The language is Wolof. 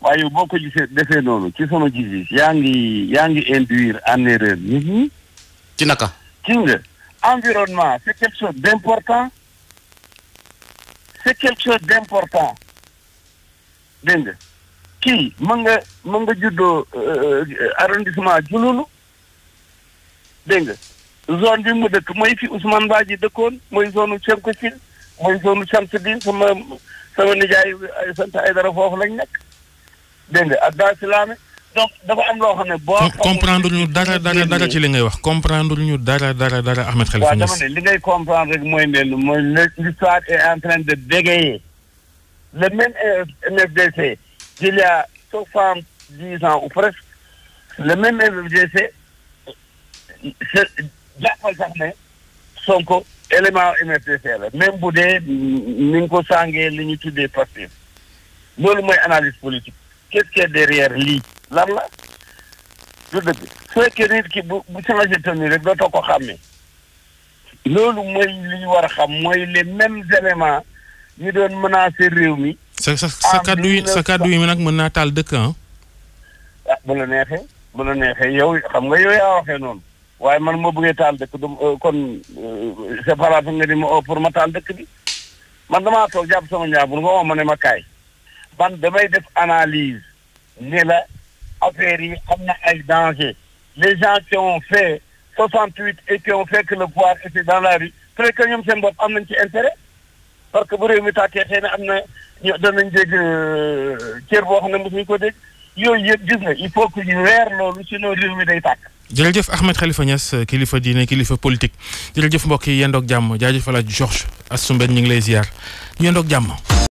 waaye boo ko gisee defee noonu ci sama gis-gis yaa ngi yaa ngi induire en erreur nit ñi. ci naka. ci nga environnement c'est quelque chose d'important c'est quelque chose d'important dégg nga kii mën nga mën nga juddoo euh, euh, arrondissement Diouloulou dégg nga zone bi mu dëkk mooy fi Ousmane Badji dëkkoon mooy zone u Sonko zone u sama sama nijaay ay dara foofu lañ nekk. donc comprendre ñu comprendre ñu dara dara Ahmed Khalifa Niass. dama li ngay comprendre rek l'histoire est en train de dégayer. le même euh, MFDC il y a soixante ans ou presque le même MFDC c'est jàppal élément MFDC même bu dee ko li ñu analyse politique. qu'est-ce qu'il y a lii lan la du dëgg su fekkee nit ki bu bu changé ni rek dootoo ko xàmmee loolu mooy li ñu war a xam mooy les mêmes éléments ñu doon mën menacé réew mi. sa sa sa kaddu yi sa kaddu yi nag mën naa taal dëkk ah. ah bu neexee bu la neexee yow xam nga yow yaa waxee noonu waaye man ma bëggee taal dëkk du euh, kon euh, séparation nga ni ma oo oh, pour ma taal dëkk bi man damaa toog jàpp sama ñaar bu nga woo ma ne ma kaay. man damay def analyse ne la affaire yi xam na ay danger les gens qui ont fait 68 huit et qui ont fait que le pouvoir était dans la rue peut que ñoom seen bop am nañ ci intérêt parce que bu réew mi tàkkee xëy na am na ñu danañ dégg euh, cër boo xam ne ko dégg yooyu yëpp gis na il faut que ñu weer loolu sinon réew mi day tàkk. jërëjëf Ahmed Khalifa Niass kilifa diine kilifa politique jërëjëf mbokk yi yendoog jàmm jaajëfalaat Georges Assou Mbène ñu ngi lay ziar yendoog jàmm.